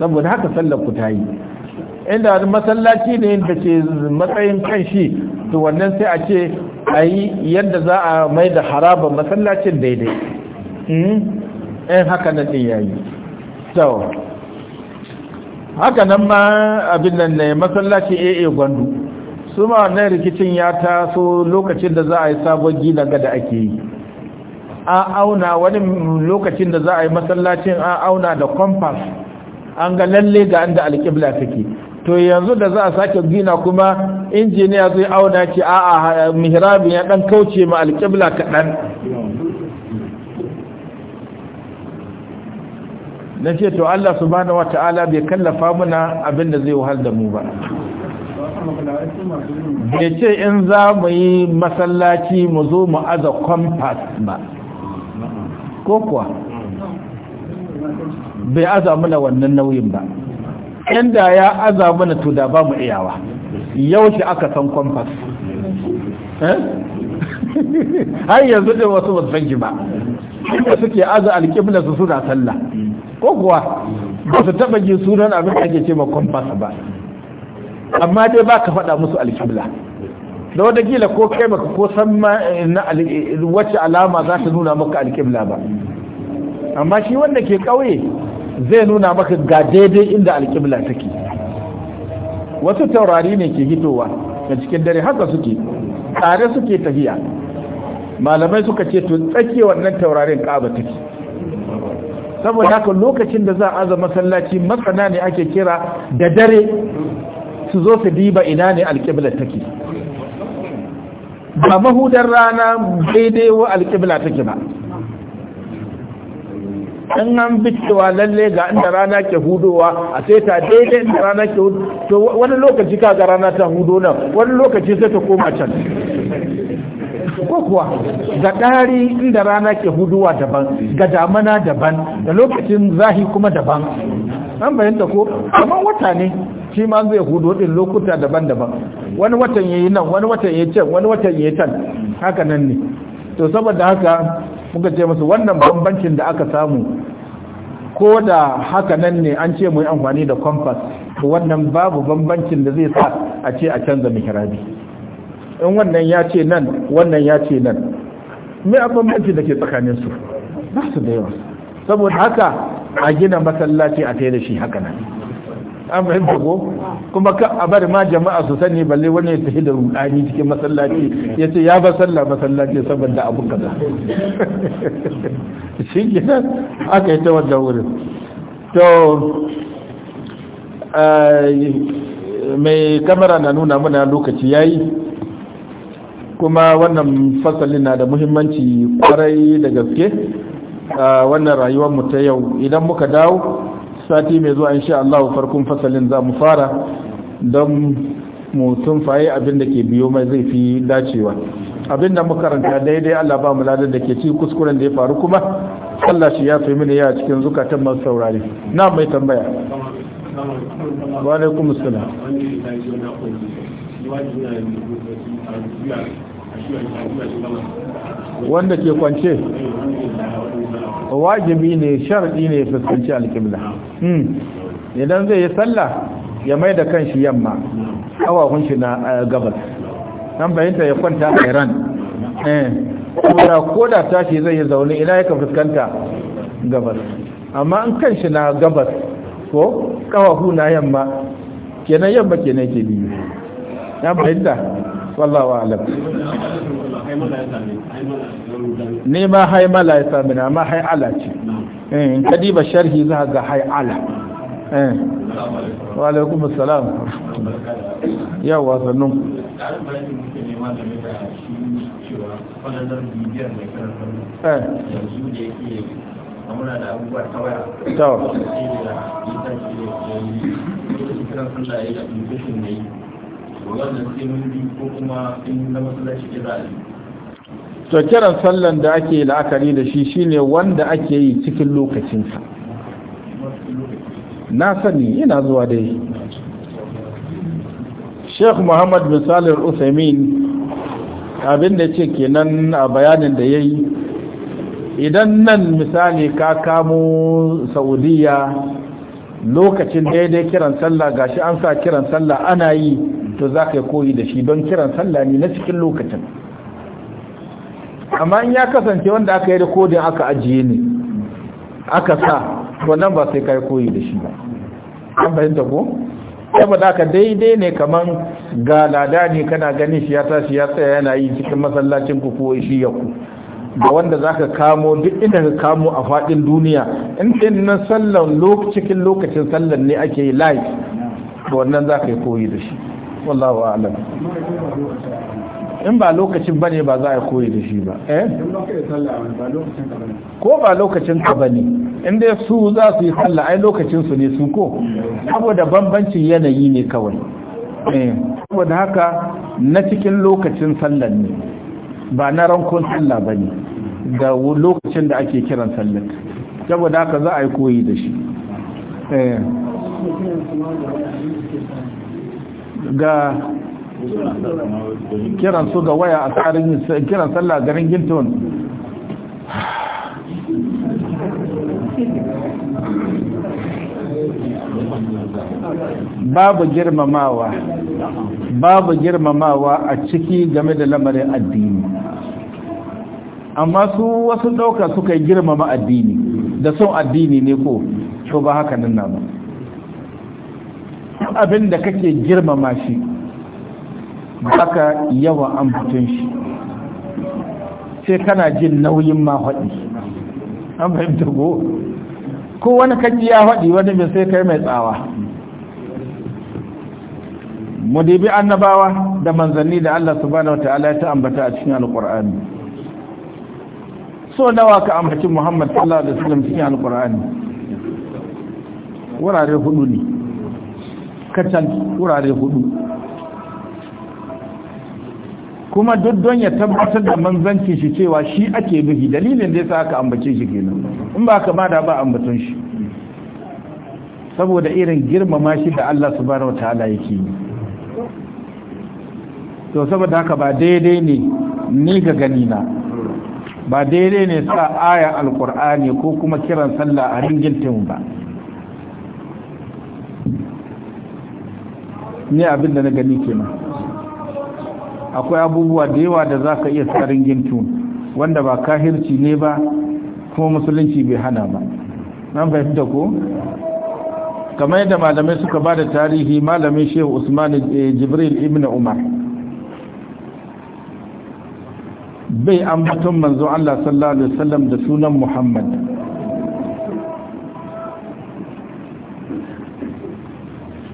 saboda haka sallar ku ta yi inda masallaci ne da ke matsayin kan shi to wannan sai a ce a yi yadda za a mai da harabar masallacin daidai in hmm? eh, haka nan ɗin yayi so haka nan ma abin nan ne masallaci AA gwandu su ma wannan rikicin ya taso lokacin da za a yi sabon gina ga da ake yi an auna wani lokacin da za a yi masallacin an auna da compass an ga lalle ga inda alƙibla take to yanzu da za a sake gina kuma injiniya zai auna ce a'a mihrabin ya ɗan kauce ma alƙibla kaɗan na ce to Allah subhanahu wata'ala bai kallafa muna abin da zai wahal da mu ba bai ce in za mu yi masallaci mu zo mu aza kwamfas ba ko kuwa bai aza mana wannan nauyin ba inda ya aza mana to da ba mu iyawa yau shi aka san kwamfas eh? har yanzu da wasu ba san ba inda suke aza alƙibla su suna sallah ko kuwa ba su taɓa ji sunan abin da ake ce ma kwamfas ba amma dai ba ka faɗa musu alƙibla da gila ko kai maka ko san ma eh, wacce alama za ta nuna maka alƙibla ba amma shi wanda ke ƙauye zai nuna maka ga daidai inda alƙibla take wasu taurari ne ke hitowa da cikin dare haka suke tare suke tafiya malamai suka ce to tsake wannan taurarin ƙaba take saboda haka lokacin da za a aza masallaci masana ne ake kira da dare su zo su diba ina ne alƙibla take ba mahudar rana daidai wa alƙibla take ba in an bi cewa lalle ga inda rana ke hudowa a sai ta daidai inda rana ke hudu. to wani lokaci k'a ga rana ta hudu nan wani lokaci sai ta koma can ko kuwa ga ɗari inda rana ke huduwa daban ga damana daban da lokacin zahi kuma daban an bayanta ko kamar wata ne shi ma zai hudu din lokuta daban-daban wani watan yayi nan wani watan yayi can wani watan yayi can haka nan ne to saboda haka muka ce musu wannan bambancin da aka samu ko da haka nan ne an ce mu yi amfani da kwamfas to wannan babu bambancin da zai sa a ce a canza mikirabi in wannan ya ce nan wannan ya ce nan me a bambanci da ke tsakanin su ba su da yawa saboda haka a gina masallaci a tsaye da shi haka nan an fahimta ko kuma ka a bari ma jama'a su sani balle wani ya tafi da rudani cikin masallaci ya ce ya ba sallah masallaci saboda abun kaza shi kenan aka yi ta wannan wurin to eh, mai kamera na nuna mana lokaci ya yi kuma wannan fasalin na da muhimmanci kwarai da gaske eh, wannan rayuwar mu ta yau idan muka dawo sati mai zuwa insha Allah farkon fasalin za mu fara don mu tunfaye abin da ke biyo mai zai fi dacewa abin da muka ranta daidai Allah ba mu ladar da ke ci kuskuren da ya faru kuma Allah shi ya fi mini ya cikin zukatan masu saurare na mai tambaya wa alaikum assalam wanda ke kwance wajibi ne sharadi ne ya fuskanci al'kimla. Hmm. idan zai yi sallah ya mai da kanshi yamma kawahun shi na eh, gabas an bayanta ya kwanta a iran kuma eh. ko da tashi zai yi zaune ina ya fuskanta gabas amma an kanshi na gabas ko kawahu na yamma kenan yamma kenan ke biyu ya bayanta wallawa alam ne ma hai mala ya sami na ma hai ala ce eh, in kadi ba sharhi za ga hai ala eh. wa alaikum salam yawa sannun eh. wannan sai mun bi ko kuma in na masallaci da za a yi to kiran sallan da ake la'akari da shi shine wanda ake yi cikin lokacinsa na sani yana zuwa dai sheikh muhammad bin salih abin da ce kenan a bayanin da ya yi idan nan misali ka kamo saudiya lokacin daidai kiran sallah gashi an sa kiran sallah ana yi to za ka yi koyi da shi don kiran sallah ne na cikin lokacin amma in ya kasance wanda aka yi rikodin aka ajiye ne aka sa wannan ba sai kai koyi da shi ba an fahimta ko saboda aka daidai ne kamar ga lada ne kana ganin shi ya tashi ya tsaya yana yi cikin masallacin ku ko shi ya ku da wanda zaka kamo duk inda ka kamo a fadin duniya in din nan sallan cikin lokacin sallan ne ake yi live to wannan zaka yi koyi da shi wallahu a'lam in ba lokacin bane ba za a koyi da shi ba eh ko ba lokacin ka bane in dai su za su yi sallah ai lokacin su ne su ko saboda bambancin yanayi ne kawai eh saboda haka na cikin lokacin sallah ne ba na rankon sallah bane da lokacin da ake kiran sallar saboda haka za a yi koyi da shi eh ga kiran su ga waya a tsarin kiran sallah garin gintun babu girmamawa babu girmamawa a ciki game da lamarin addini amma su wasu ɗauka suka yi girmama addini da son addini ne ko to ba haka nan na ba abinda kake girmama shi baka an ambatun shi sai kana jin nauyin ma haɗi an fahimta go ko wani kaji ya haɗi wani bin sai kai mai tsawa mu dibi annabawa da manzanni da Allah subhanahu wataala ya ta ambata a cikin alqur'ani so nawa ka ambaci Muhammad sallallahu alaihi wasallam cikin alqur'ani wurare hudu ne kacan wurare hudu kuma duk don ya tabbatar da manzanci shi cewa shi ake nufi dalilin da yasa aka ambace shi kenan in ba ka da ba ambaton shi saboda irin girmama shi da Allah subhanahu wataala yake yi to saboda haka ba daidai ne ni ga gani na ba daidai ne sa aya alqur'ani ko kuma kiran sallah a tun ba ni abin da na gani kenan akwai abubuwa da yawa da za ka iya tsarin gintu wanda ba kahirci ne ba kuma musulunci bai hana ba nan da ko kamar yadda malamai suka ba da tarihi malamin shehu usman eh, jibril ibn umar bai ambaton manzo Allah sallallahu alaihi wasallam da sunan muhammad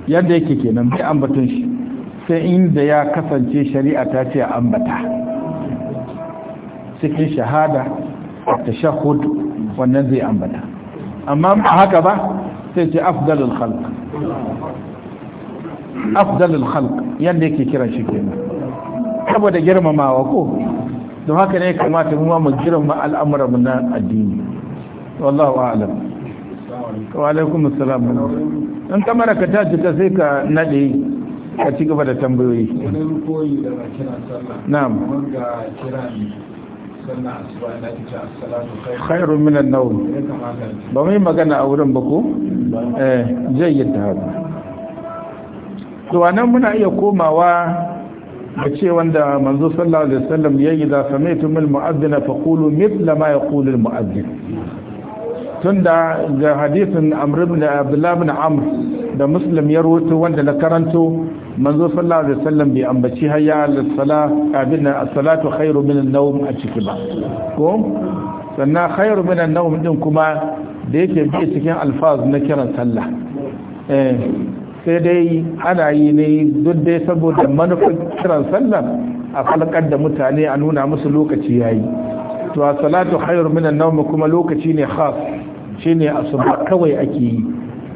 yadda yake kenan bai ambaton shi sai inda ya kasance shari'a ta ce ambata cikin shahada ta shahud wannan zai ambata amma ba haka ba sai ce afdalul khalq afdalul khalq yadda yake kiran shi kenan saboda girmamawa ko don haka ne kamata mu mu al'amura al'amuranmu na addini wallahu a'lam wa alaikum assalam in kamar ka ta jika sai ka nade a ci gaba da tambayoyi wani rukoyi da kira sallah na'am wanda kira sallah asuba ta khairu minan nawm ba mai magana a wurin ba ko eh jayyata haka to anan muna iya komawa da ce wanda manzo sallallahu alaihi wasallam yayi da sami'tum al-mu'adhdhin faqulu mithla ma yaqulu al-mu'adhdhin tunda ga hadisin amr ibn abdullah ibn amr da muslim ya rawaito wanda na karanto manzo sallallahu alaihi wasallam bai ambaci hayya al sala abin as-salatu khairu min an-nawm a ciki ba ko sannan khairu min an-nawm din kuma da yake bi cikin alfaz na kiran sallah eh sai dai ana yi ne duk dai saboda manufar kiran sallah a falkar da mutane a nuna musu lokaci yayi to as-salatu khairu min an-nawm kuma lokaci ne khas shine asuba kawai ake yi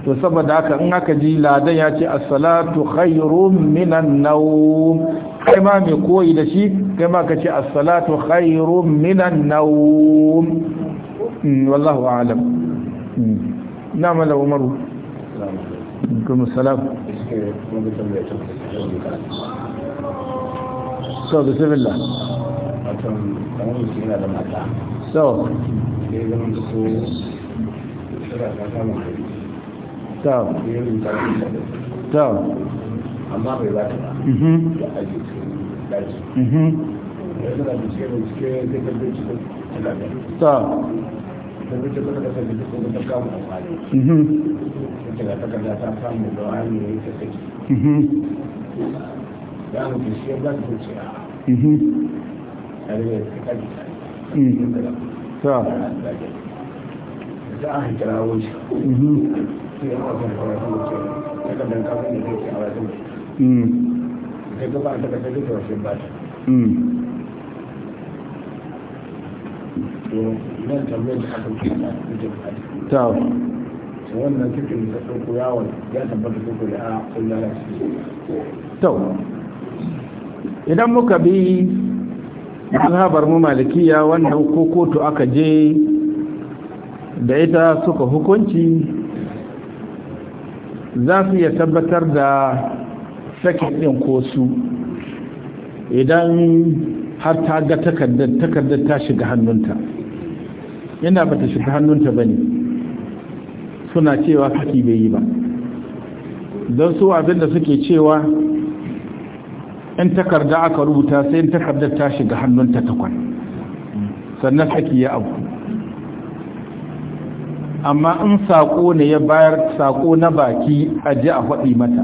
to saboda haka in aka ji ladan ya ce as-salatu khairun minan nawm kai ma me koyi da shi kai ma ka ce as-salatu khairun minan nawm hmm, wallahu a'lam hmm. na mala umaru kuma salam so bismillah so ta ta amma bai ba ta ba da aji daji da bincike bincike da tabbaci ta tabbaci da kasa da duk da kawo amfani ta ga takarda ta samu da wani ne ta saki ya mu bincike ba ta bincike a yare ta kaji ta ta ta a hikira wuce to idan muka bi mazhabar mu malikiya wannan ko kotu aka je da ita suka hukunci za su iya tabbatar da sakin ɗin ko su idan har ta ga takardar takardar ta shiga hannunta ina ba ta shiga hannunta ba ne suna cewa saki bai yi ba don su abinda suke cewa in takarda aka rubuta sai in takardar ta shiga hannunta takwan sannan saki ya abu amma in saƙo ne ya bayar saƙo na baki a ji a faɗi mata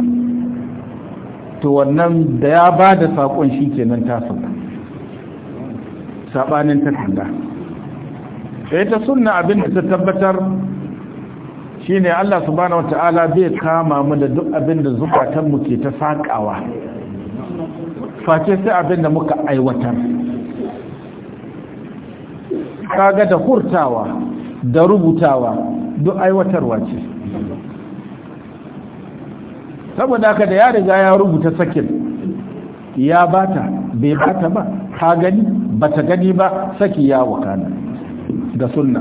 to wannan da ya ba da saƙon shi ke ta sauka saɓanin takarda sai ta sunna abin da ta tabbatar shi ne Allah subhanahu wata'ala bai kama mu da duk abin da zukatanmu ke ta saƙawa face sai abin da muka aiwatar kaga da hurtawa da rubutawa duk aiwatarwa ce saboda haka da ya riga ya rubuta sakin ya bata bai bata ba ka gani bata gani ba saki ya wakana da sunna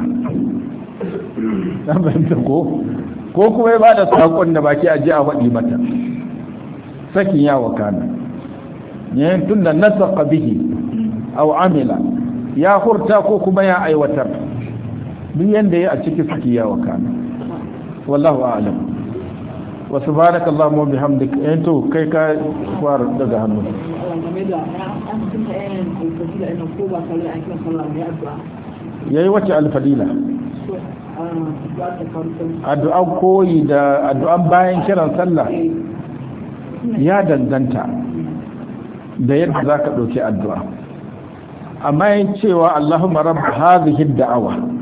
ko ko kuma ya ba da saƙon da baki ji a wadi mata sakin ya wakana yayin tun da nasaka bihi au amila ya hurta ko kuma ya aiwatar duk yanda ya a ciki suke ya waka. wallahu a'lam wa subhanakallahumma wa bihamdika eh kai ka kwar daga hannu yayi wace alfadila addu'a koyi da addu'an bayan kiran sallah ya danganta da yadda za ka ɗauki addu'a amma yin cewa allahumma rabb hadhihi da'awa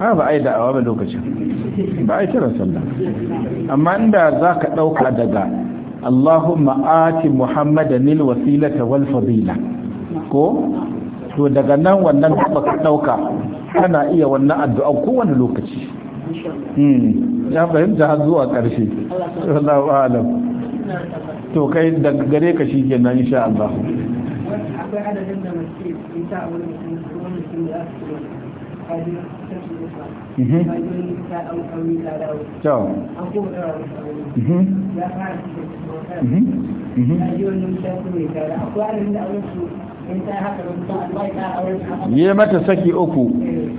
ha ba a yi da'awa ba lokacin ba a yi kira sallah amma inda za ka ɗauka daga Allahumma ati Muhammadanil wasilata wal fadila ko to daga nan wannan ba ka ɗauka kana iya wannan addu'a kowane lokaci hmm. ya fahimta har zuwa ƙarshe to kai daga gare ka shi kenan insha Allah akwai adadin da mace ta a wurin mutum Mhm. Mhm. Mhm. yi mata saki uku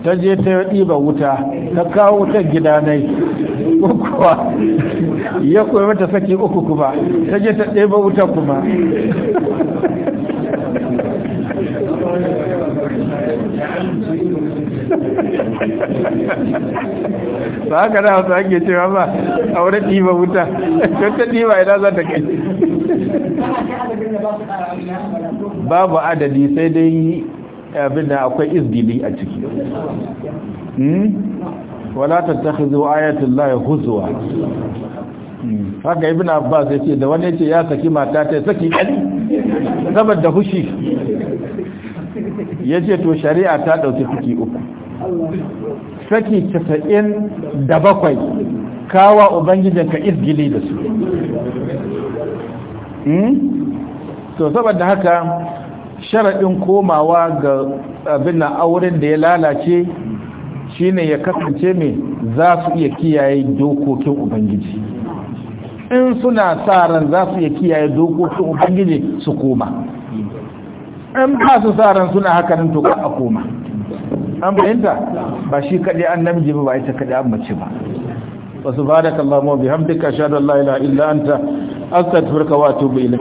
ta je ta ɗiba wuta ta kawo wutar gidanai kuwa ya koyi mata saki uku kuma ta je ta ɗiba wuta kuma ba haka da hausa ake cewa ba a wurin ɗiba wuta don ta ɗiba ina za ta kai babu adadi sai dai abin da akwai izdili a ciki hmm? wala ta tattakhidhu hmm. ya lahi huzwa haka ba zai ce da wani ce ya saki mata ta saki kali saboda hushi ce to shari'a ta dauki fiki uku saki casa'in da bakwai kawa ubangijinka izgili da su hmm? to saboda haka sharaɗin komawa ga abin auren da ya lalace shine ya kasance mai za su iya kiyaye dokokin ubangiji in suna sa za su iya kiyaye dokokin ubangiji su koma in ba su sa ran suna hakanin to a koma an fahimta ba shi kaɗai an namiji ba bai ita kaɗai an mace ba wasu ba da kallama bihamdika shaɗu Allah ila illa anta astaghfiruka wa atubu